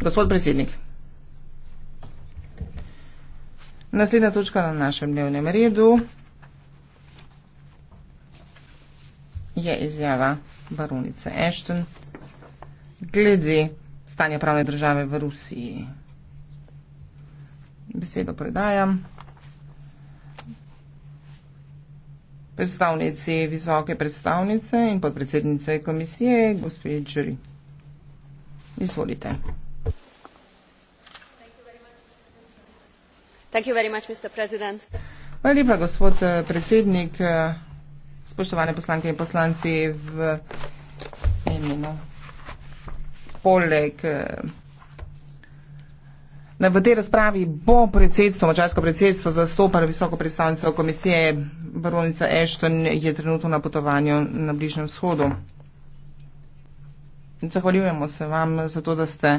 Gospod predsednik. Naslednja točka na našem dnevnem redu je izjava baronice Ashton glede stanja pravne države v Rusiji. Besedo predajam predstavnici, visoke predstavnice in podpredsednice komisije, gospe Čuri. Izvolite. Hvala lepa, gospod eh, predsednik, eh, spoštovane poslanke in poslanci v imenu. Poleg eh, v tej razpravi bo predsedstvo, mačarsko predsedstvo zastopalo visoko predstavnico komisije. Baronica Ashton je trenutno na potovanju na Bližnjem vzhodu. Zahvaljujemo se vam za to, da ste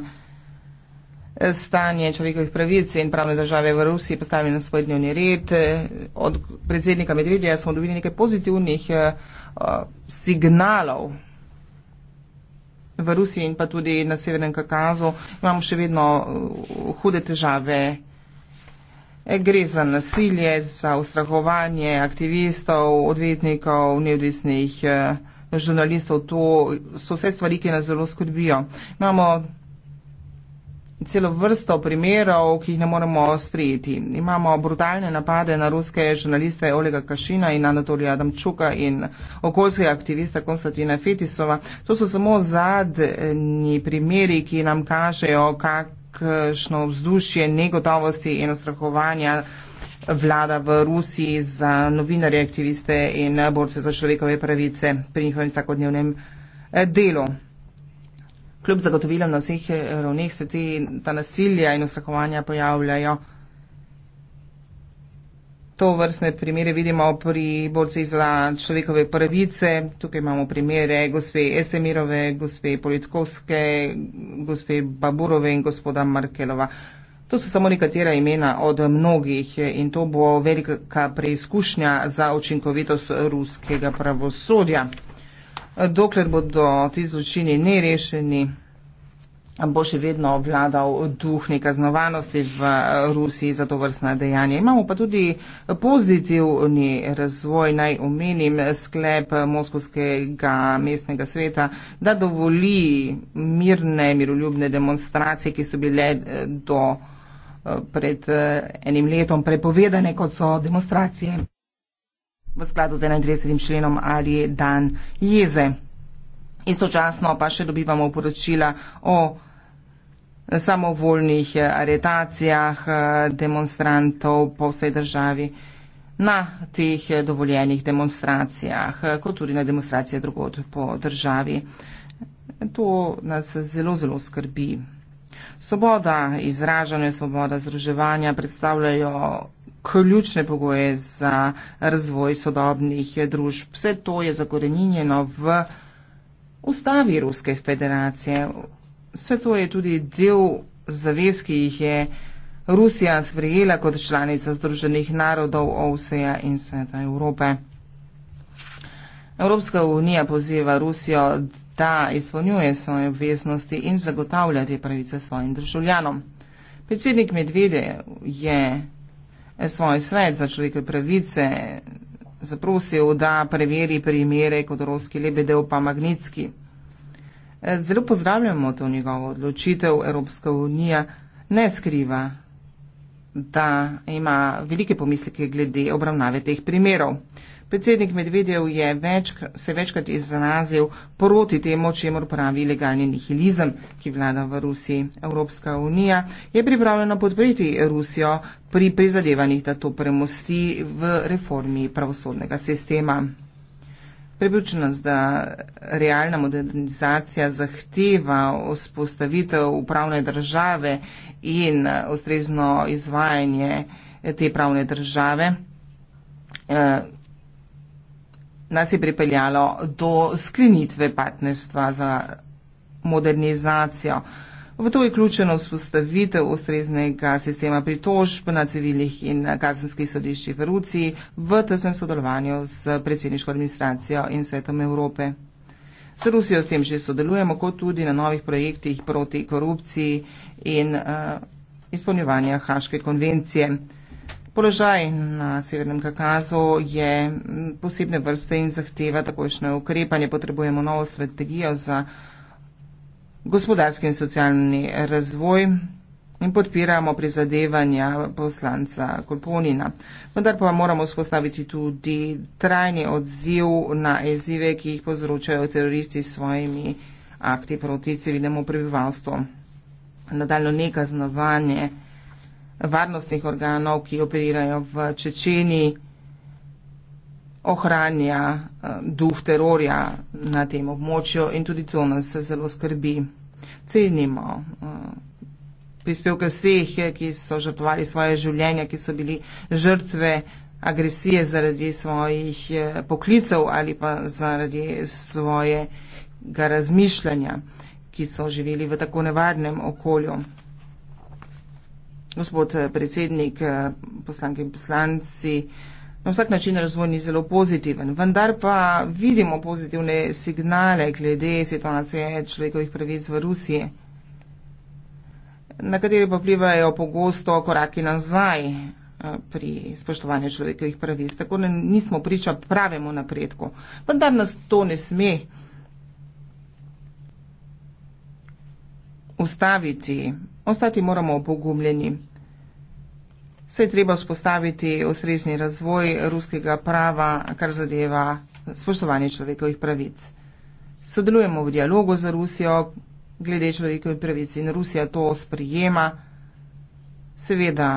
eh, stanje človekovih pravic in pravne države v Rusiji postavili na svoj dnevni red. Eh, od predsednika Medvedja smo dobili nekaj pozitivnih eh, signalov v Rusiji in pa tudi na Severnem Kakazu. Imamo še vedno hude težave. Gre za nasilje, za ustrahovanje aktivistov, odvetnikov, neodvisnih. Eh, žurnalistov. To so vse stvari, ki nas zelo skrbijo. Imamo celo vrsto primerov, ki jih ne moremo sprejeti. Imamo brutalne napade na ruske žurnaliste Olega Kašina in Anatolija Adamčuka in okoljskega aktivista Konstantina Fetisova. To so samo zadnji primeri, ki nam kažejo, kakšno vzdušje negotovosti in ostrahovanja vlada v Rusiji za novinarje, aktiviste in borce za človekove pravice pri njihovem vsakodnevnem eh, delu. Kljub zagotovilom na vseh eh, ravneh se te, ta nasilja in ustrahovanja pojavljajo. To vrstne primere vidimo pri borcih za človekove pravice. Tukaj imamo primere gospe Estemirove, gospe Politkovske, gospe Baburove in gospoda Markelova. To so samo nekatera imena od mnogih in to bo velika preizkušnja za učinkovitost ruskega pravosodja. Dokler bodo ti zločini nerešeni, bo še vedno vladal duh nekaznovanosti v Rusiji za to vrstna dejanja. Imamo pa tudi pozitivni razvoj, naj omenim sklep Moskovskega mestnega sveta, da dovoli mirne, miroljubne demonstracije, ki so bile do pred eh, enim letom prepovedane, kot so demonstracije v skladu z 31. členom ali dan jeze. Istočasno pa še dobivamo poročila o samovoljnih eh, aretacijah eh, demonstrantov po vsej državi na teh dovoljenih demonstracijah, kot tudi na demonstracije drugod po državi. To nas zelo, zelo skrbi. Svoboda izražanja, svoboda združevanja predstavljajo ključne pogoje za razvoj sodobnih družb. Vse to je zakoreninjeno v ustavi Ruske federacije. Vse to je tudi del zavez, ki jih je Rusija sprejela kot članica Združenih narodov OVSE-ja in sveta Evrope. Evropska unija poziva Rusijo, da izpolnjuje svoje obveznosti in zagotavlja te pravice svojim državljanom. Predsednik Medvede je eh, svoj svet za človekove pravice zaprosil, da preveri primere kot ruski lebedev pa magnitski. Eh, zelo pozdravljamo to njegovo odločitev. Evropska unija ne skriva, da ima velike pomisleke glede obravnave teh primerov. Predsednik Medvedev je več, se večkrat izrazil proti temu, čemu pravi legalni nihilizem, ki vlada v Rusiji. Evropska unija je pripravljena podpreti Rusijo pri prizadevanjih, da to premosti v reformi pravosodnega sistema. Prepričanost, da realna modernizacija zahteva vzpostavitev upravne države in ustrezno izvajanje te pravne države, eh, nas je pripeljalo do sklenitve partnerstva za modernizacijo. V to je ključeno vzpostavitev ustreznega sistema pritožb na civilih in kazenskih sodiščih v Ruciji v tesnem sodelovanju z predsedniško administracijo in svetom Evrope. S Rusijo s tem že sodelujemo, kot tudi na novih projektih proti korupciji in uh, izpolnjevanja Haške konvencije. Položaj na Severnem Kakazu je posebne vrste in zahteva takošne ukrepanje. Potrebujemo novo strategijo za gospodarski in socialni razvoj in podpiramo prizadevanja poslanca Kolponina. Vendar pa moramo spostaviti tudi trajni odziv na izzive, ki jih povzročajo teroristi s svojimi akti proti civilnemu prebivalstvu. Nadaljno nekaznovanje varnostnih organov, ki operirajo v Čečeni, ohranja eh, duh terorja na tem območju in tudi to nas zelo skrbi. Cenimo eh, prispevke vseh, ki so žrtvali svoje življenje, ki so bili žrtve agresije zaradi svojih eh, poklicev ali pa zaradi svojega razmišljanja, ki so živeli v tako nevarnem okolju gospod eh, predsednik, eh, poslanke in poslanci, na vsak način razvoj ni zelo pozitiven, vendar pa vidimo pozitivne signale glede situacije človekovih pravic v Rusiji, na katere pa vplivajo pogosto koraki nazaj eh, pri spoštovanju človekovih pravic. Tako da nismo priča pravemu napredku. Vendar nas to ne sme ustaviti, ostati moramo opogumljeni. Se je treba vzpostaviti ustrezni razvoj ruskega prava, kar zadeva spoštovanje človekovih pravic. Sodelujemo v dialogu za Rusijo glede človekovih pravic in Rusija to sprijema. Seveda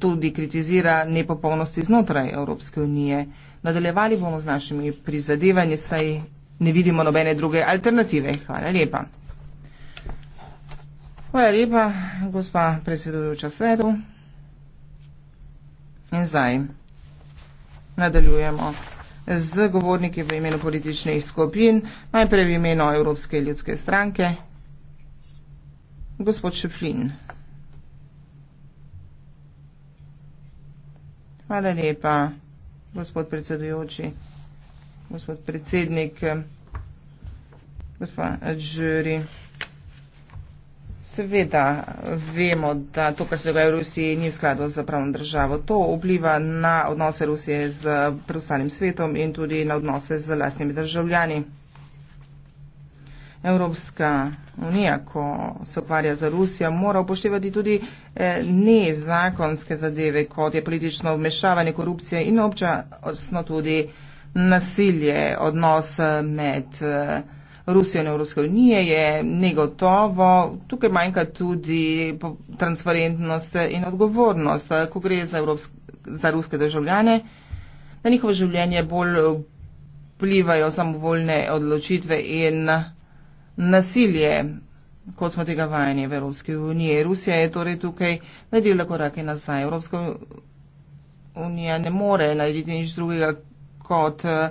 tudi kritizira nepopolnosti znotraj Evropske unije. Nadaljevali bomo z našimi prizadevanji, saj ne vidimo nobene druge alternative. Hvala lepa. Hvala lepa, gospa predsedujoča svetu. In zdaj nadaljujemo z govorniki v imenu političnih skupin, najprej v imenu Evropske ljudske stranke. Gospod Šeflin. Hvala lepa, gospod predsedujoči, gospod predsednik, gospa Džuri. Seveda vemo, da to, kar se dogaja v Rusiji, ni v skladu z pravno državo. To vpliva na odnose Rusije z preostalim svetom in tudi na odnose z lastnimi državljani. Evropska unija, ko se ukvarja za Rusijo, mora upoštevati tudi eh, ne zakonske zadeve, kot je politično vmešavanje, korupcija in občasno tudi nasilje, odnos eh, med. Eh, Rusijo in Evropske unije je negotovo. Tukaj manjka tudi transparentnost in odgovornost, ko gre za, evropsk, za ruske državljane, na njihovo življenje bolj vplivajo samovoljne odločitve in nasilje, kot smo tega vajeni v Evropski uniji. Rusija je torej tukaj naredila korake nazaj. Evropska unija ne more narediti nič drugega, kot eh,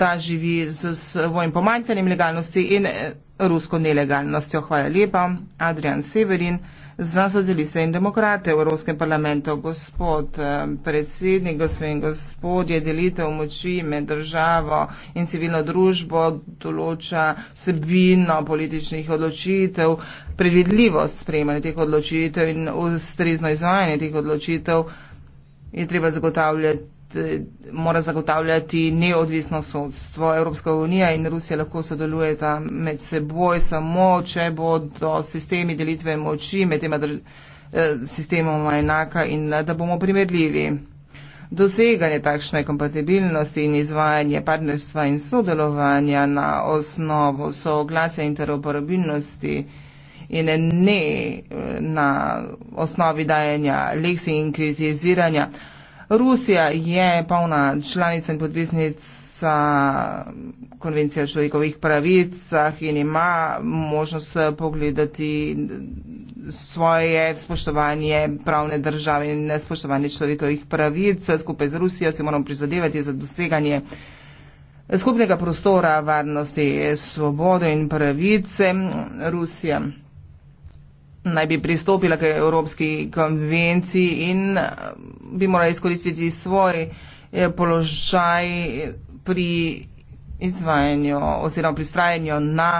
da živi z svojim pomanjkanjem legalnosti in eh, rusko nelegalnostjo. Hvala lepa, Adrian Severin za socialiste in demokrate v Evropskem parlamentu. Gospod eh, predsednik, gospod in gospodje, delitev moči med državo in civilno družbo določa vsebino političnih odločitev, previdljivost sprejemanja teh odločitev in ustrezno izvajanje teh odločitev je treba zagotavljati mora zagotavljati neodvisno sodstvo. Evropska unija in Rusija lahko sodelujeta med seboj samo, če bodo sistemi delitve moči med tema eh, sistemoma enaka in eh, da bomo primerljivi. Doseganje takšne kompatibilnosti in izvajanje partnerstva in sodelovanja na osnovo soglasja interoperabilnosti in ne eh, na osnovi dajanja leksi in kritiziranja. Rusija je polna članica in podpisnica konvencije o človekovih pravicah in ima možnost pogledati svoje spoštovanje pravne države in nespoštovanje človekovih pravic. Skupaj z Rusijo si moramo prizadevati za doseganje skupnega prostora varnosti, svobode in pravice. Rusija naj bi pristopila k Evropski konvenciji in eh, bi morala izkoristiti svoj eh, položaj pri izvajanju oziroma pristrajanju na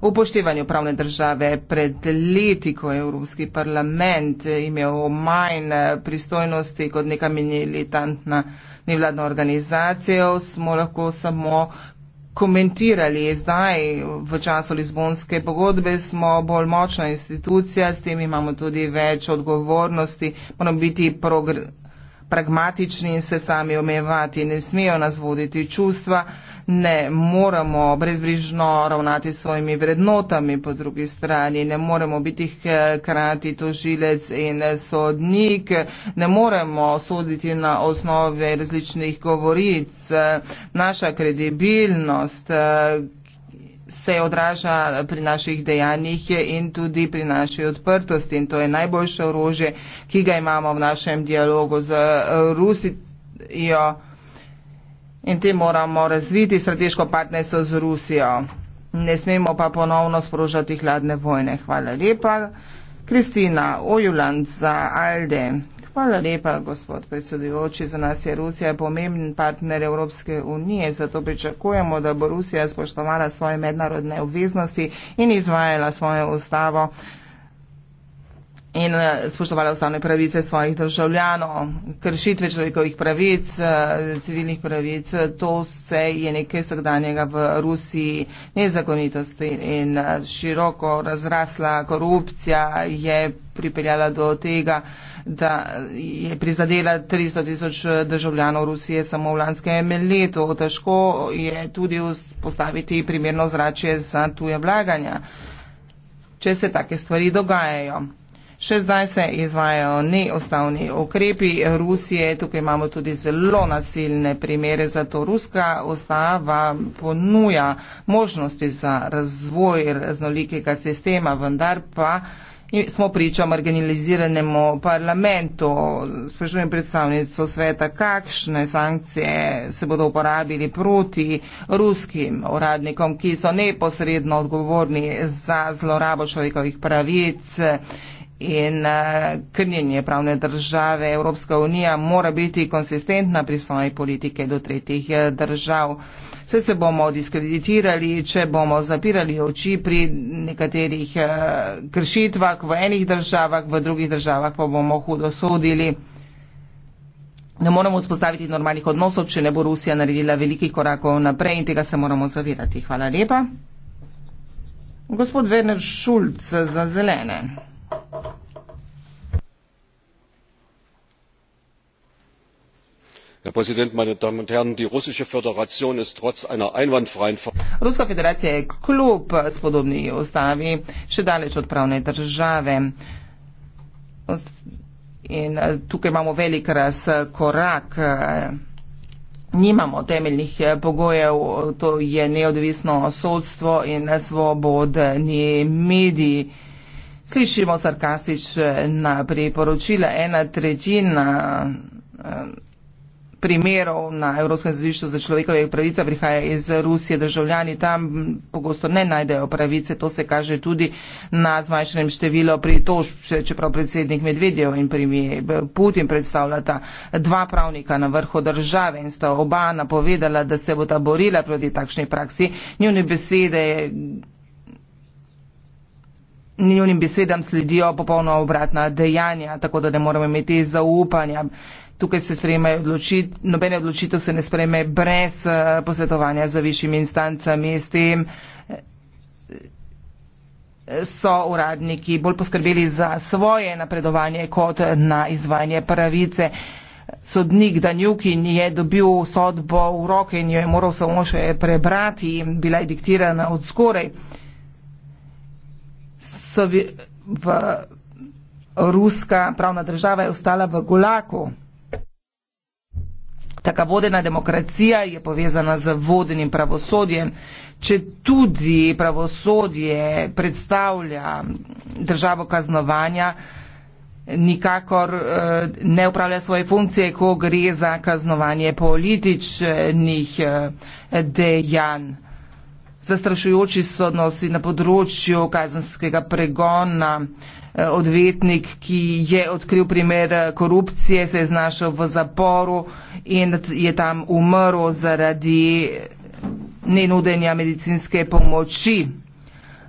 upoštevanju pravne države. Pred leti, ko je Evropski parlament eh, imel manj pristojnosti kot neka militantna nevladna organizacija, smo lahko samo komentirali. Zdaj, v času Lizbonske pogodbe, smo bolj močna institucija, s tem imamo tudi več odgovornosti, moramo biti progresivni pragmatični in se sami omejevati. Ne smejo nas voditi čustva, ne moramo brezbrižno ravnati s svojimi vrednotami po drugi strani, ne moremo biti hkrati tožilec in sodnik, ne moremo soditi na osnovi različnih govoric. Naša kredibilnost, se odraža pri naših dejanjih in tudi pri naši odprtosti. In to je najboljše orožje, ki ga imamo v našem dialogu z Rusijo. In te moramo razviti strateško partnerstvo z Rusijo. Ne smemo pa ponovno sprožati hladne vojne. Hvala lepa. Kristina Ojuland za Alde. Hvala lepa, gospod predsedujoči. Za nas je Rusija pomemben partner Evropske unije, zato pričakujemo, da bo Rusija spoštovala svoje mednarodne obveznosti in izvajala svojo ustavo in eh, spoštovala ustavne pravice svojih državljanov. Kršitve človekovih pravic, eh, civilnih pravic, to vse je nekaj vsakdanjega v Rusiji. Nezakonitosti in eh, široko razrasla korupcija je pripeljala do tega, da je prizadela 300 tisoč državljanov Rusije samo v lanskem letu. Težko je tudi postaviti primerno zrače za tuje vlaganja, če se take stvari dogajajo. Še zdaj se izvajajo neostavni ukrepi Rusije, tukaj imamo tudi zelo nasilne primere, zato ruska ustava ponuja možnosti za razvoj raznolikega sistema, vendar pa In smo priča marginaliziranemu parlamentu. Sprašujem predstavnico sveta, kakšne sankcije se bodo uporabili proti ruskim uradnikom, ki so neposredno odgovorni za zlorabo človekovih pravic in uh, krnjenje pravne države. Evropska unija mora biti konsistentna pri svoji politike do tretjih eh, držav. Vse se bomo diskreditirali, če bomo zapirali oči pri nekaterih uh, kršitvah v enih državah, v drugih državah pa bomo hudo sodili. Ne moremo vzpostaviti normalnih odnosov, če ne bo Rusija naredila velikih korakov naprej in tega se moramo zavirati. Hvala lepa. Gospod Werner Šulc za zelene. herr präsident meine damen und herren! die russische föderation ist trotz einer einwandfreien. ruska federacija je kljub spodobni ustavi še daleč od pravne države in eh, tukaj imamo velik razkorak nimamo temeljnih eh, pogojev to je neodvisno sodstvo in svobodni mediji. Slišimo sarkastična priporočila, ena tretjina eh, primerov na Evropskem zdišču za človekove pravice prihaja iz Rusije. Državljani tam pogosto ne najdejo pravice. To se kaže tudi na zmanjšanem številu pritožb, čeprav predsednik Medvedjev in premije Putin predstavljata dva pravnika na vrhu države in sta oba napovedala, da se bodo borila proti takšni praksi. Njuni besede je. Njunim besedam sledijo popolno obratna dejanja, tako da ne moremo imeti zaupanja tukaj se sprejemajo odločitve, nobene odločitev se ne spreme brez eh, posvetovanja z višjimi instancami, s tem eh, so uradniki bolj poskrbeli za svoje napredovanje kot na izvajanje pravice. Sodnik Danjukin je dobil sodbo v roke in jo je moral samo še prebrati, bila je diktirana od skoraj. Sovi, v, ruska pravna država je ostala v Golaku. Taka vodena demokracija je povezana z vodenim pravosodjem. Če tudi pravosodje predstavlja državo kaznovanja, nikakor eh, ne upravlja svoje funkcije, ko gre za kaznovanje političnih eh, dejanj. Zastrašujoči so odnosi na področju kazenskega pregona. Eh, odvetnik, ki je odkril primer eh, korupcije, se je znašel v zaporu in je tam umrl zaradi eh, nenudenja medicinske pomoči.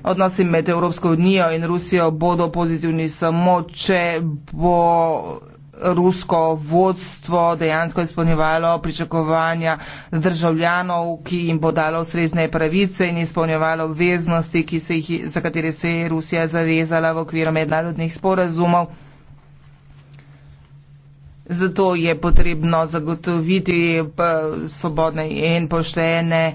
Odnosi med Evropsko unijo in Rusijo bodo pozitivni samo, če bo rusko vodstvo dejansko izpolnjevalo pričakovanja državljanov, ki jim bo dalo ustrezne pravice in izpolnjevalo obveznosti, za katere se je Rusija zavezala v okviru mednarodnih sporazumov. Zato je potrebno zagotoviti eh, svobodne in poštene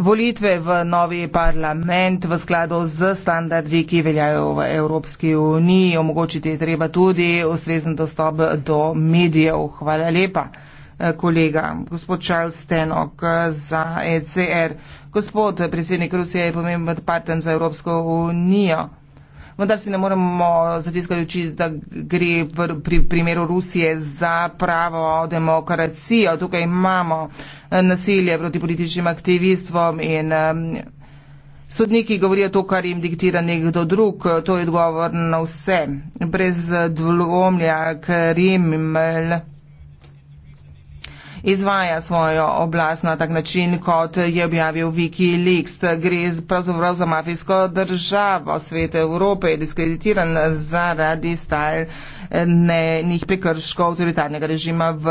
Volitve v novi parlament v skladu z standardi, ki veljajo v Evropski uniji, omogočiti je treba tudi ustrezen dostop do medijev. Hvala lepa, eh, kolega, gospod Charles Stenok eh, za ECR. Gospod predsednik Rusije je pomemben partner za Evropsko unijo vendar si ne moremo zatiskati oči, da gre v pri, primeru Rusije za pravo demokracijo. Tukaj imamo eh, nasilje proti političnim aktivistvom in sodniki govorijo to, kar jim diktira nekdo drug. To je odgovor na vse. Brez dvomlja, ker jim. Mel, izvaja svojo oblast na tak način, kot je objavil Wikileaks. Gre pravzaprav za mafijsko državo. Svet Evrope je diskreditiran zaradi stalnih prekrškov avtoritarnega režima v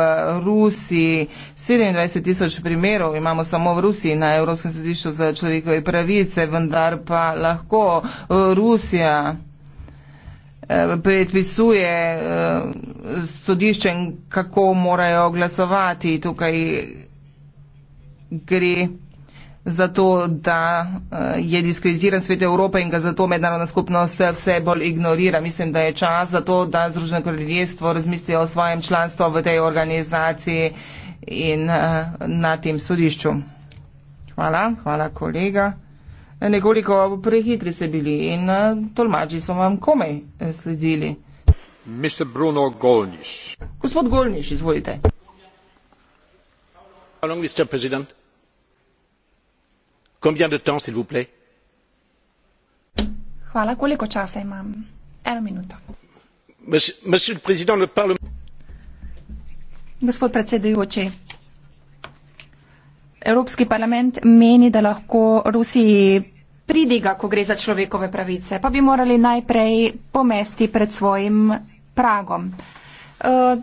Rusiji. 27 tisoč primerov imamo samo v Rusiji na Evropskem sodišču za človekove pravice, vendar pa lahko Rusija predpisuje eh, sodiščem, kako morajo glasovati. Tukaj gre za to, da eh, je diskreditiran svet Evrope in ga zato mednarodna skupnost eh, vse bolj ignorira. Mislim, da je čas za to, da Združeno kraljestvo razmisli o svojem članstvu v tej organizaciji in na tem sodišču. Hvala, hvala kolega. Nekoliko prehitri ste bili in eh, tolmači so vam komaj eh, sledili. Bruno Golniš. Gospod Golniš, izvolite. Long, Mr. President? Combien de temps, s'il vous plaît? Hvala, koliko časa imam? Eno minuto. Monsieur, monsieur le Président, le Parlement... Gospod predsedujoči, Evropski parlament meni, da lahko Rusiji pridiga, ko gre za človekove pravice, pa bi morali najprej pomesti pred svojim pragom. Eh,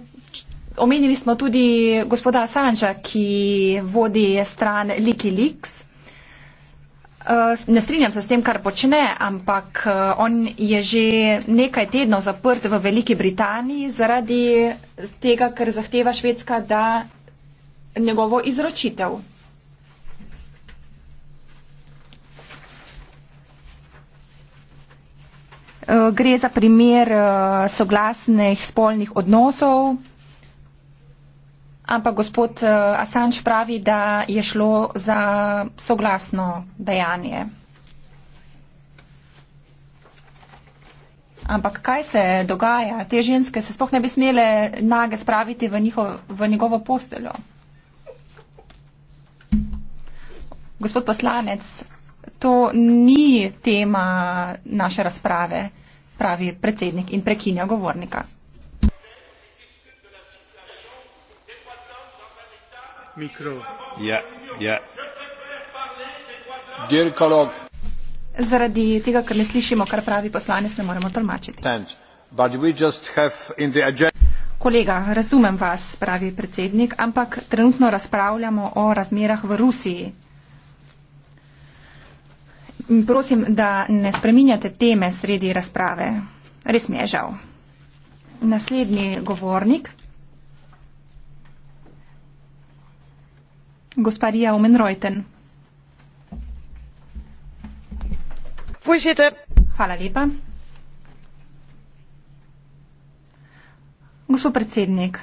omenili smo tudi gospoda Assange, ki vodi stran Wikileaks. Eh, ne strinjam se s tem, kar počne, ampak eh, on je že nekaj tednov zaprt v Veliki Britaniji zaradi tega, ker zahteva Švedska, da njegovo izročitev. Eh, gre za primer eh, soglasnih spolnih odnosov. Ampak gospod eh, Assange pravi, da je šlo za soglasno dejanje. Ampak kaj se dogaja? Te ženske se spoh ne bi smele nage spraviti v, njihov, v njegovo posteljo. Gospod poslanec, to ni tema naše razprave, pravi predsednik in prekinja govornika. Mikro. Ja, ja. Dirkolog. Zaradi tega, ker ne slišimo, kar pravi poslanec, ne moremo tolmačiti. Kolega, razumem vas, pravi predsednik, ampak trenutno razpravljamo o razmerah v Rusiji prosim, da ne spreminjate teme sredi razprave. Res mi je žal. Naslednji govornik. Gospodija Omenrojten. Vujšite. Hvala lepa. Gospod predsednik,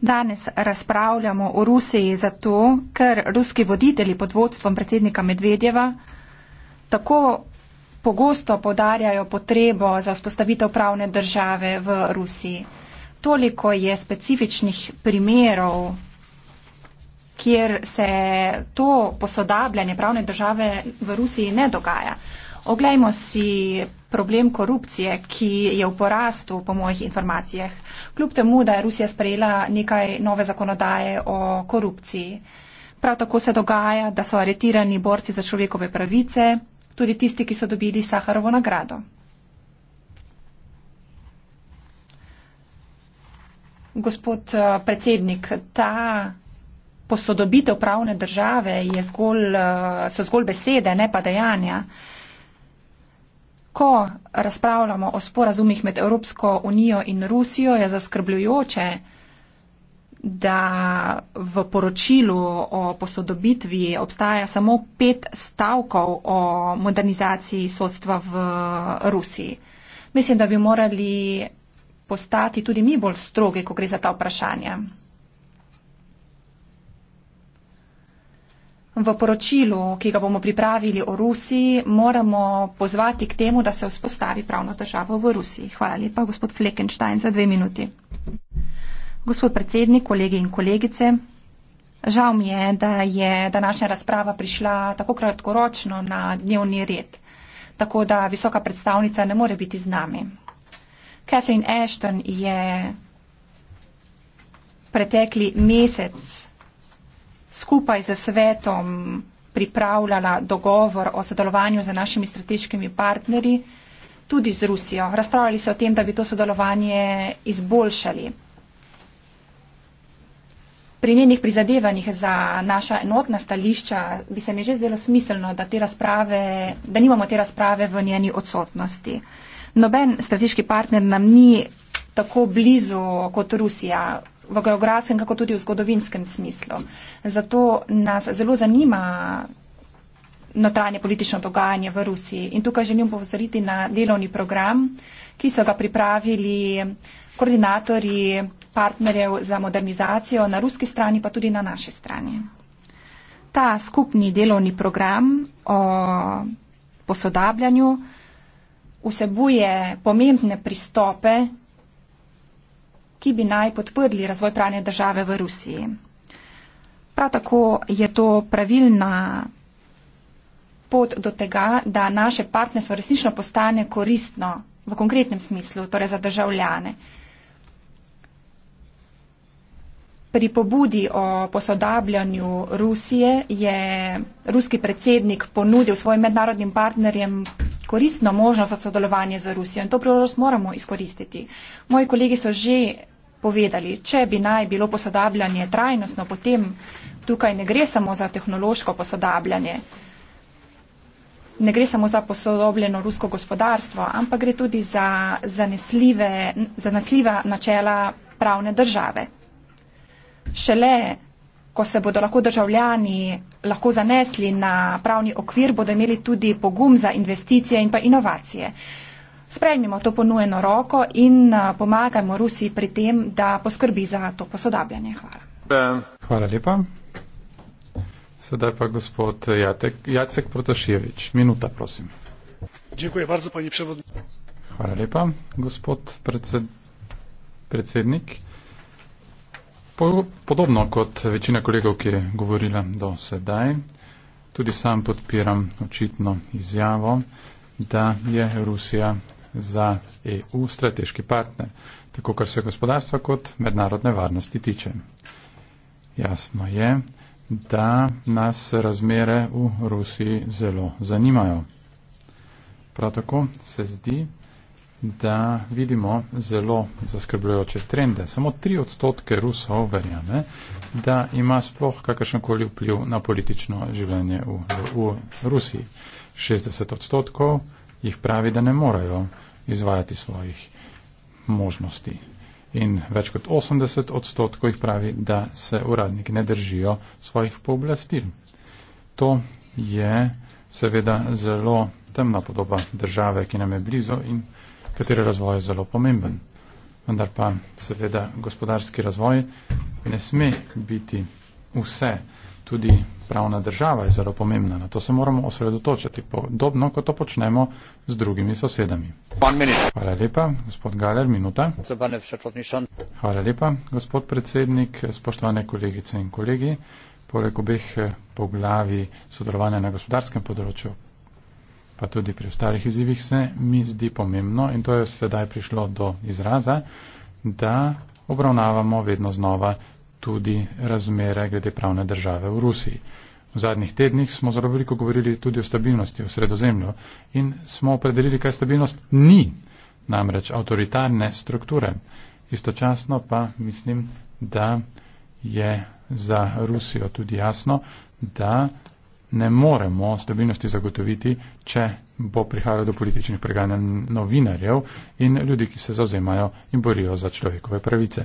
Danes razpravljamo o Rusiji zato, ker ruski voditelji pod vodstvom predsednika Medvedjeva tako pogosto podarjajo potrebo za vzpostavitev pravne države v Rusiji. Toliko je specifičnih primerov, kjer se to posodabljanje pravne države v Rusiji ne dogaja. Oglejmo si problem korupcije, ki je v porastu, po mojih informacijah, kljub temu, da je Rusija sprejela nekaj nove zakonodaje o korupciji. Prav tako se dogaja, da so aretirani borci za človekove pravice, tudi tisti, ki so dobili Saharovo nagrado. Gospod eh, predsednik, ta posodobitev pravne države zgolj, eh, so zgolj besede, ne pa dejanja ko razpravljamo o sporazumih med Evropsko unijo in Rusijo, je zaskrbljujoče, da v poročilu o posodobitvi obstaja samo pet stavkov o modernizaciji sodstva v Rusiji. Mislim, da bi morali postati tudi mi bolj strogi, ko gre za ta vprašanja. V poročilu, ki ga bomo pripravili o Rusiji, moramo pozvati k temu, da se vzpostavi pravno državo v Rusiji. Hvala lepa, gospod Fleckenstein, za dve minuti. Gospod predsednik, kolegi in kolegice, žal mi je, da je današnja razprava prišla tako kratkoročno na dnevni red, tako da visoka predstavnica ne more biti z nami. Catherine Ashton je pretekli mesec skupaj z svetom pripravljala dogovor o sodelovanju z našimi strateškimi partnerji, tudi z Rusijo. Razpravljali so o tem, da bi to sodelovanje izboljšali. Pri njenih prizadevanjih za naša enotna stališča bi se mi že zdelo smiselno, da, te razprave, da nimamo te razprave v njeni odsotnosti. Noben strateški partner nam ni tako blizu kot Rusija v geografskem, kako tudi v zgodovinskem smislu. Zato nas zelo zanima notranje politično dogajanje v Rusiji. In tukaj želim povzariti na delovni program, ki so ga pripravili koordinatorji partnerjev za modernizacijo na ruski strani, pa tudi na naši strani. Ta skupni delovni program o posodabljanju vsebuje pomembne pristope ki bi naj podprli razvoj pravne države v Rusiji. Prav tako je to pravilna pot do tega, da naše partnerstvo resnično postane koristno v konkretnem smislu, torej za državljane. Pri pobudi o posodabljanju Rusije je ruski predsednik ponudil svojim mednarodnim partnerjem koristno možnost za sodelovanje z Rusijo in to priložnost moramo izkoristiti. Moji kolegi so že povedali, če bi naj bilo posodabljanje trajnostno, potem tukaj ne gre samo za tehnološko posodabljanje, ne gre samo za posodobljeno rusko gospodarstvo, ampak gre tudi za zanesljiva načela pravne države šele ko se bodo lahko državljani lahko zanesli na pravni okvir, bodo imeli tudi pogum za investicije in pa inovacije. Sprejmimo to ponujeno roko in eh, pomagajmo Rusiji pri tem, da poskrbi za to posodabljanje. Hvala. Hvala lepa. Sedaj pa gospod Jatek, Jacek Protaševič. Minuta, prosim. Dziękuję bardzo, panie przewodniczący. Hvala lepa, gospod predsed, predsednik. Podobno kot večina kolegov, ki je govorila do sedaj, tudi sam podpiram očitno izjavo, da je Rusija za EU strateški partner, tako kar se gospodarstva kot mednarodne varnosti tiče. Jasno je, da nas razmere v Rusiji zelo zanimajo. Prav tako se zdi, da vidimo zelo zaskrbljujoče trende. Samo tri odstotke Rusov verjame, da ima sploh kakršenkoli vpliv na politično življenje v, v Rusiji. 60 odstotkov jih pravi, da ne morejo izvajati svojih možnosti. In več kot 80 odstotkov jih pravi, da se uradniki ne držijo svojih pooblastil. To je seveda zelo temna podoba države, ki nam je blizu in katere razvoj je zelo pomemben. Vendar pa seveda gospodarski razvoj ne sme biti vse. Tudi pravna država je zelo pomembna. Na to se moramo osredotočiti podobno, kot to počnemo z drugimi sosedami. Hvala lepa, gospod Galer, minuta. Hvala lepa, gospod predsednik, spoštovane kolegice in kolegi. Poleg obeh eh, poglavi sodelovanja na gospodarskem področju pa tudi pri ostalih izzivih se mi zdi pomembno in to je sedaj prišlo do izraza, da obravnavamo vedno znova tudi razmere glede pravne države v Rusiji. V zadnjih tednih smo zelo veliko govorili tudi o stabilnosti v sredozemlju in smo opredelili, kaj stabilnost ni, namreč avtoritarne strukture. Istočasno pa mislim, da je za Rusijo tudi jasno, da ne moremo stabilnosti zagotoviti, če bo prihajalo do političnih preganjanj novinarjev in ljudi, ki se zauzemajo in borijo za človekove pravice.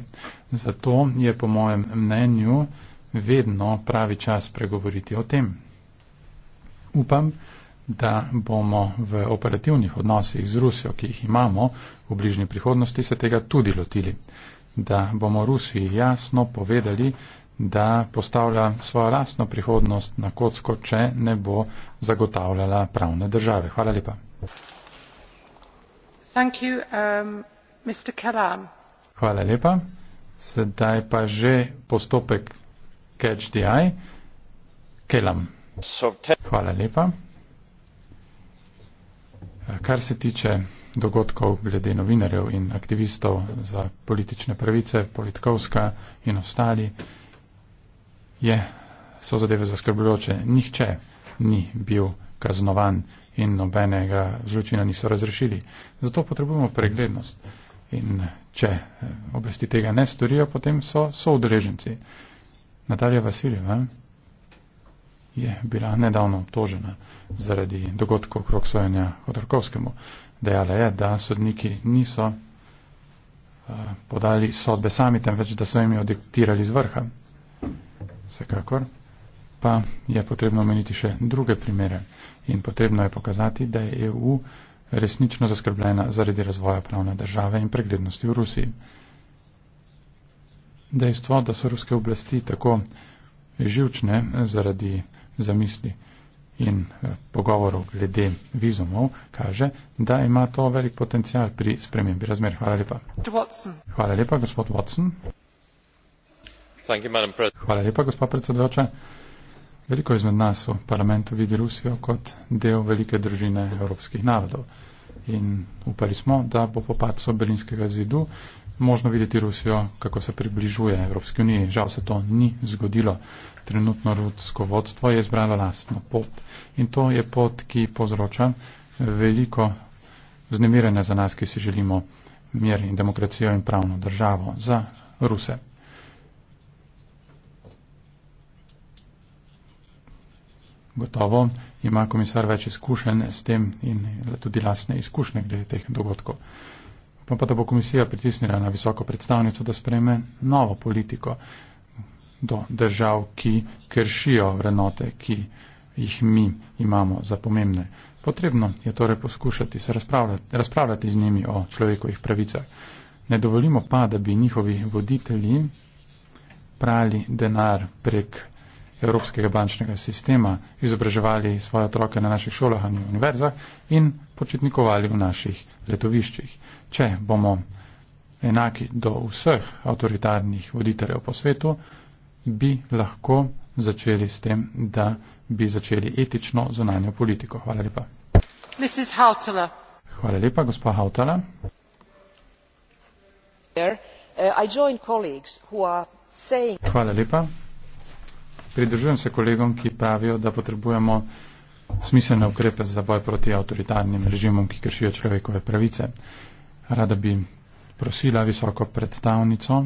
Zato je po mojem mnenju vedno pravi čas pregovoriti o tem. Upam, da bomo v operativnih odnosih z Rusijo, ki jih imamo, v bližnji prihodnosti se tega tudi lotili. Da bomo Rusiji jasno povedali, da postavlja svojo lastno prihodnost na kocko, če ne bo zagotavljala pravne države. Hvala lepa. You, um, Hvala lepa. Sedaj pa že postopek Catch the Eye. Kelam. Hvala lepa. Kar se tiče dogodkov glede novinarjev in aktivistov za politične pravice, politkovska in ostali je, so zadeve zaskrbljujoče. Nihče ni bil kaznovan in nobenega zločina niso razrešili. Zato potrebujemo preglednost. In če oblasti tega ne storijo, potem so soudeleženci. Natalija Vasiljeva je bila nedavno obtožena zaradi dogodkov okrog sojenja Hodorkovskemu. Dejala je, da sodniki niso eh, podali sodbe sami, temveč da so jim jo diktirali z vrha vsekakor. Pa je potrebno omeniti še druge primere in potrebno je pokazati, da je EU resnično zaskrbljena zaradi razvoja pravne države in preglednosti v Rusiji. Dejstvo, da so ruske oblasti tako živčne zaradi zamisli in eh, pogovorov glede vizumov, kaže, da ima to velik potencial pri spremembi razmer. Hvala lepa. Hvala lepa, gospod Watson. Hvala lepa, gospod predsedujoča. Veliko izmed nas v parlamentu vidi Rusijo kot del velike družine evropskih narodov. In upali smo, da bo po padcu Berlinskega zidu možno videti Rusijo, kako se približuje Evropski uniji. Žal se to ni zgodilo. Trenutno rusko vodstvo je izbralo lastno pot. In to je pot, ki povzroča veliko vznemirjenja za nas, ki si želimo mir in demokracijo in pravno državo za Ruse. Gotovo ima komisar več izkušenj s tem in tudi lasne izkušnje glede teh dogodkov. Pa pa da bo komisija pritisnila na visoko predstavnico, da sprejme novo politiko do držav, ki kršijo vrednote, ki jih mi imamo za pomembne. Potrebno je torej poskušati se razpravljati, razpravljati z njimi o človekovih pravicah. Ne dovolimo pa, da bi njihovi voditelji prali denar prek evropskega bančnega sistema, izobraževali svoje otroke na naših šolah in univerzah in počitnikovali v naših letoviščih. Če bomo enaki do vseh avtoritarnih voditeljev po svetu, bi lahko začeli s tem, da bi začeli etično zunanjo politiko. Hvala lepa. Hvala lepa, gospod Hautala. Hvala lepa. Pridružujem se kolegom, ki pravijo, da potrebujemo smiselne ukrepe za boj proti avtoritarnim režimom, ki kršijo človekove pravice. Rada bi prosila visoko predstavnico,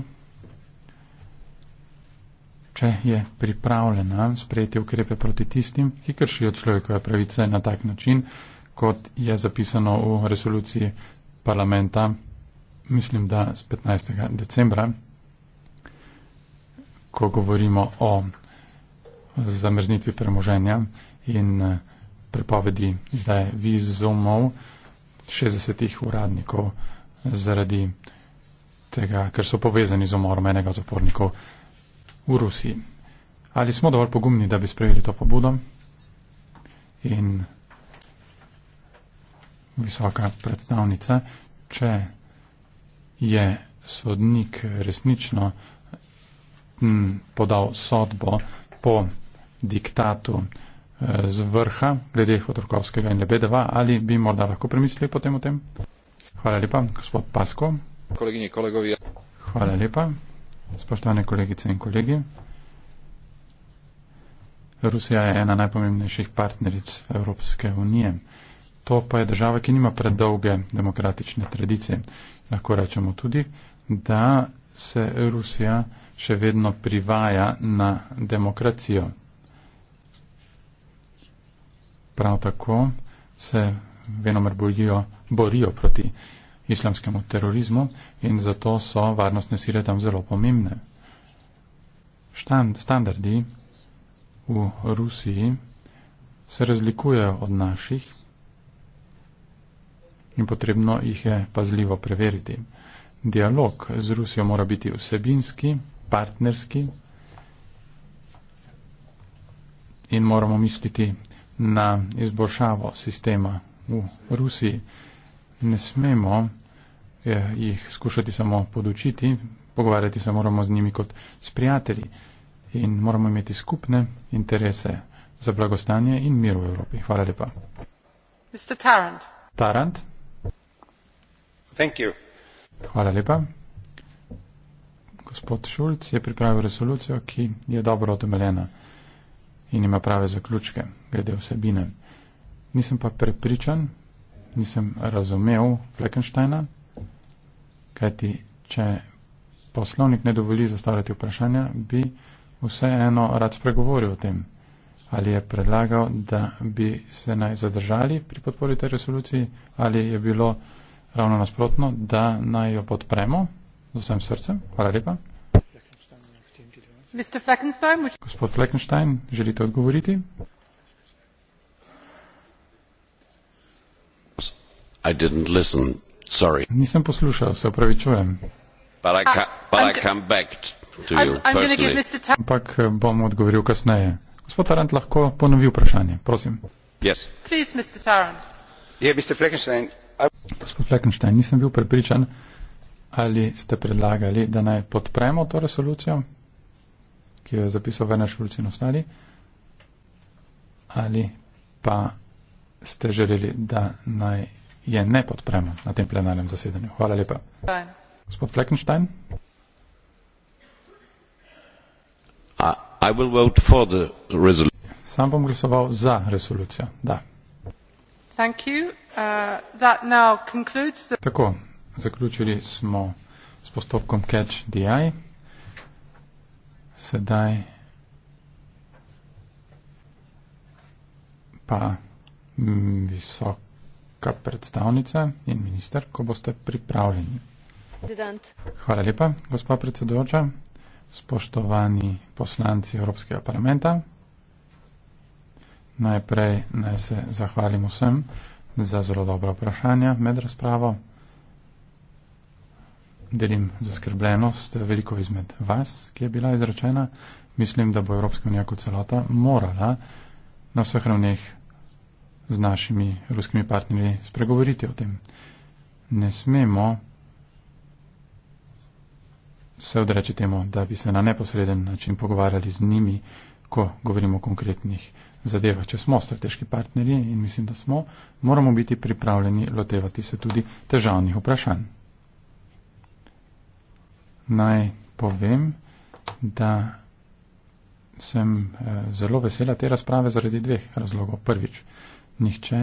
če je pripravljena sprejeti ukrepe proti tistim, ki kršijo človekove pravice na tak način, kot je zapisano v resoluciji parlamenta, mislim, da z 15. decembra, ko govorimo o zamrznitvi premoženja in eh, prepovedi zdaj vizumov 60 uradnikov eh, zaradi tega, ker so povezani z umorom enega zapornikov v Rusiji. Ali smo dovolj pogumni, da bi sprejeli to pobudo? In visoka predstavnica, če je sodnik resnično hm, podal sodbo po diktatu eh, z vrha, glede Hodorkovskega in Lebedeva, ali bi morda lahko premislili potem o tem? Hvala lepa, gospod Pasko. Koleginje, kolegovi. Hvala lepa, spoštovane kolegice in kolegi. Rusija je ena najpomembnejših partneric Evropske unije. To pa je država, ki nima predolge demokratične tradicije. Lahko rečemo tudi, da se Rusija še vedno privaja na demokracijo, Prav tako se venomer borijo, borijo proti islamskemu terorizmu in zato so varnostne sile tam zelo pomembne. Standardi v Rusiji se razlikujejo od naših in potrebno jih je pazljivo preveriti. Dialog z Rusijo mora biti vsebinski, partnerski in moramo misliti, na izboljšavo sistema v Rusiji. Ne smemo eh, jih skušati samo podučiti, pogovarjati se moramo z njimi kot s prijatelji in moramo imeti skupne interese za blagostanje in mir v Evropi. Hvala lepa. Mr. Tarant. Tarant. Thank you. Hvala lepa. Gospod Šulc je pripravil resolucijo, ki je dobro otemeljena in ima prave zaključke glede vsebine. Nisem pa prepričan, nisem razumel Fleckensteina, kajti če poslovnik ne dovoli zastavljati vprašanja, bi vseeno rad spregovoril o tem, ali je predlagal, da bi se naj zadržali pri podpori tej resoluciji, ali je bilo ravno nasprotno, da naj jo podpremo z vsem srcem. Hvala lepa. Gospod Fleckenstein, želite odgovoriti? I didn't listen. Sorry. Nisem poslušal, se opravičujem. Ah, Ampak eh, bom odgovoril kasneje. Gospod Tarant, lahko ponovi vprašanje, prosim. Yes. Please, Mr. Tarant. Yeah, Mr. Fleckenstein. Gospod Fleckenstein, nisem bil prepričan, ali ste predlagali, da naj podpremo to resolucijo ki jo je zapisal v naš ulici in ostali, ali pa ste želeli, da naj je ne podpremo na tem plenarnem zasedanju. Hvala lepa. Gospod Fleckenstein. I will vote for the Sam bom glasoval za resolucijo. Da. Thank you. Uh, that now concludes the... Tako, zaključili smo s postopkom Catch the Eye sedaj pa mm, visoka predstavnica in minister, ko boste pripravljeni. Hvala lepa, gospa predsedoča, spoštovani poslanci Evropskega parlamenta. Najprej naj se zahvalim vsem za zelo dobro vprašanje med razpravo delim zaskrbljenost veliko izmed vas, ki je bila izrečena. Mislim, da bo Evropska unija kot celota morala na vseh ravneh z našimi ruskimi partnerji spregovoriti o tem. Ne smemo se odreči temu, da bi se na neposreden način pogovarjali z njimi, ko govorimo o konkretnih zadevah. Če smo strateški partnerji in mislim, da smo, moramo biti pripravljeni lotevati se tudi težavnih vprašanj naj povem, da sem eh, zelo vesela te razprave zaradi dveh razlogov. Prvič, nihče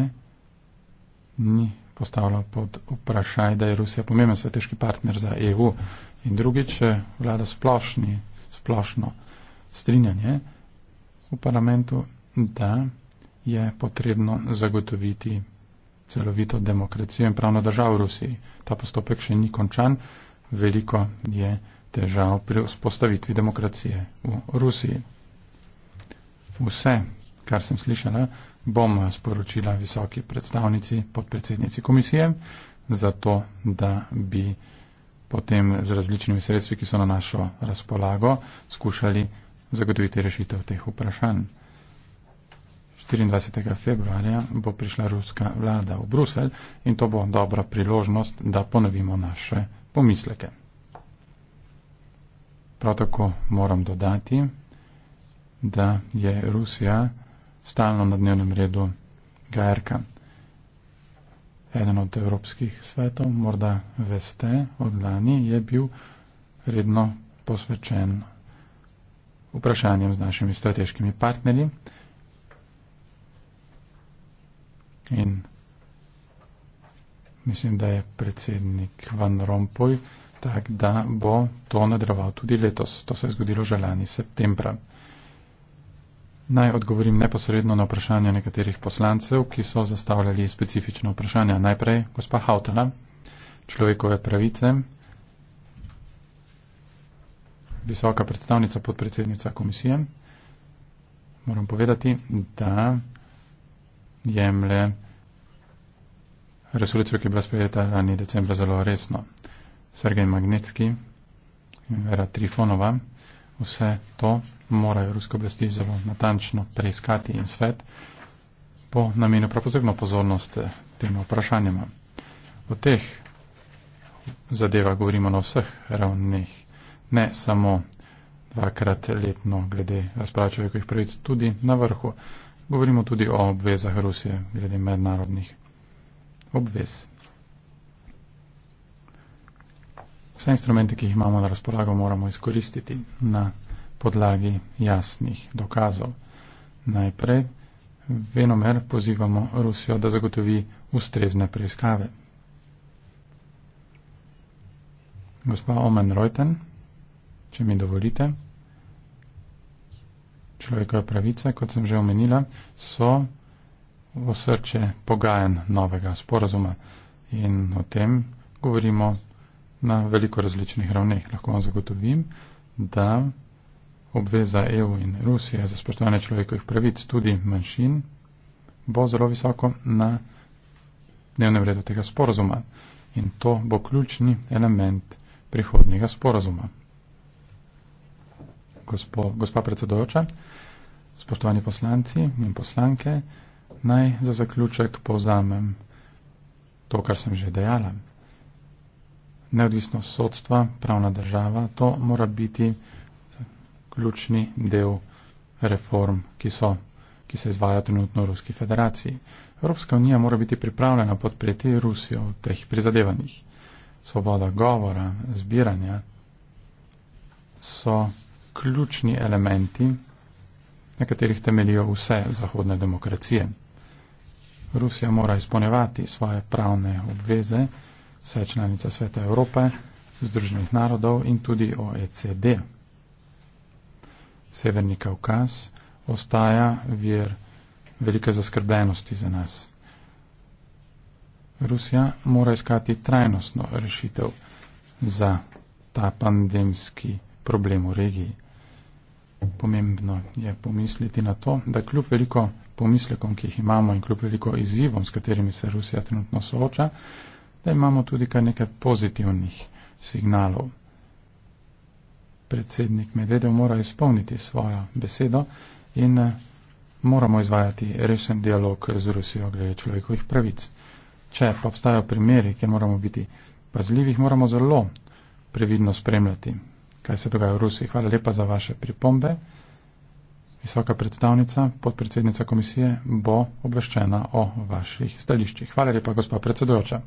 ni postavljal pod vprašaj, da je Rusija pomemben strateški partner za EU. In drugič, eh, vlada splošni, splošno strinjanje v parlamentu, da je potrebno zagotoviti celovito demokracijo in pravno državo v Rusiji. Ta postopek še ni končan veliko je težav pri vzpostavitvi demokracije v Rusiji. Vse, kar sem slišala, bom sporočila visoki predstavnici, podpredsednici komisije, zato da bi potem z različnimi sredstvi, ki so na našo razpolago, skušali zagotoviti rešitev teh vprašanj. 24. februarja bo prišla ruska vlada v Bruselj in to bo dobra priložnost, da ponovimo naše pomisleke. Prav tako moram dodati, da je Rusija stalno na dnevnem redu Gajerka, eden od evropskih svetov, morda veste, od lani je bil redno posvečen vprašanjem z našimi strateškimi partnerji. In mislim, da je predsednik Van Rompuy, tak da bo to nadaljeval tudi letos. To se je zgodilo že lani septembra. Naj odgovorim neposredno na vprašanje nekaterih poslancev, ki so zastavljali specifično vprašanje. Najprej gospa Hautala, človekove pravice, visoka predstavnica podpredsednica komisije. Moram povedati, da jemlje resolucijo, ki je bila sprejeta lani decembra, zelo resno. Sergej Magnetski in Vera Trifonova, vse to morajo ruske oblasti zelo natančno preiskati in svet po namenu prepozorno pozornost eh, tem vprašanjem. O teh zadevah govorimo na vseh ravneh, ne samo dvakrat letno glede razprav človekovih pravic, tudi na vrhu. Govorimo tudi o obvezah Rusije glede mednarodnih obvez. Vse instrumente, ki jih imamo na razpolago, moramo izkoristiti na podlagi jasnih dokazov. Najprej venomer pozivamo Rusijo, da zagotovi ustrezne preiskave. Gospa Omen Reuten, če mi dovolite, človekove pravice, kot sem že omenila, so v srče pogajanj novega sporazuma. In o tem govorimo na veliko različnih ravneh. Lahko vam zagotovim, da obveza EU in Rusije za spoštovanje človekovih pravic, tudi manjšin, bo zelo visoko na dnevnem redu tega sporazuma. In to bo ključni element prihodnjega sporazuma. Gospo, gospa predsedojoča, spoštovani poslanci in poslanke, Naj za zaključek povzamem to, kar sem že dejala. Neodvisnost sodstva, pravna država, to mora biti ključni del reform, ki, so, ki se izvaja trenutno v Ruski federaciji. Evropska unija mora biti pripravljena podpreti Rusijo v teh prizadevanjih. Svoboda govora, zbiranja so ključni elementi, na katerih temelijo vse zahodne demokracije. Rusija mora izpolnevati svoje pravne obveze, vse članice Sveta Evrope, Združenih narodov in tudi OECD. Severni Kaukaz ostaja vir velike zaskrbljenosti za nas. Rusija mora iskati trajnostno rešitev za ta pandemski problem v regiji. Pomembno je pomisliti na to, da kljub veliko pomislekom, ki jih imamo in kljub veliko izzivom, s katerimi se Rusija trenutno sooča, da imamo tudi kar nekaj pozitivnih signalov. Predsednik Medvedev mora izpolniti svojo besedo in eh, moramo izvajati resen dialog z Rusijo glede človekovih pravic. Če pa obstajajo primeri, ki moramo biti pazljivi, moramo zelo previdno spremljati, kaj se dogaja v Rusiji. Hvala lepa za vaše pripombe. Visoka predstavnica, podpredsednica komisije bo obveščena o vaših stališčih. Hvala lepa, gospa predsedujoča.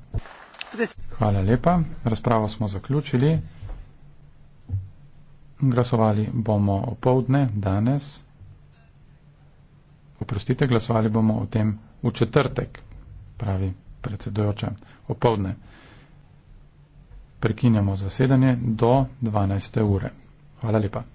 Hvala lepa. Razpravo smo zaključili. Glasovali bomo o povdne danes. Oprostite, glasovali bomo o tem v četrtek, pravi predsedujoča. O povdne. Prekinjamo zasedanje do 12. ure. Hvala lepa.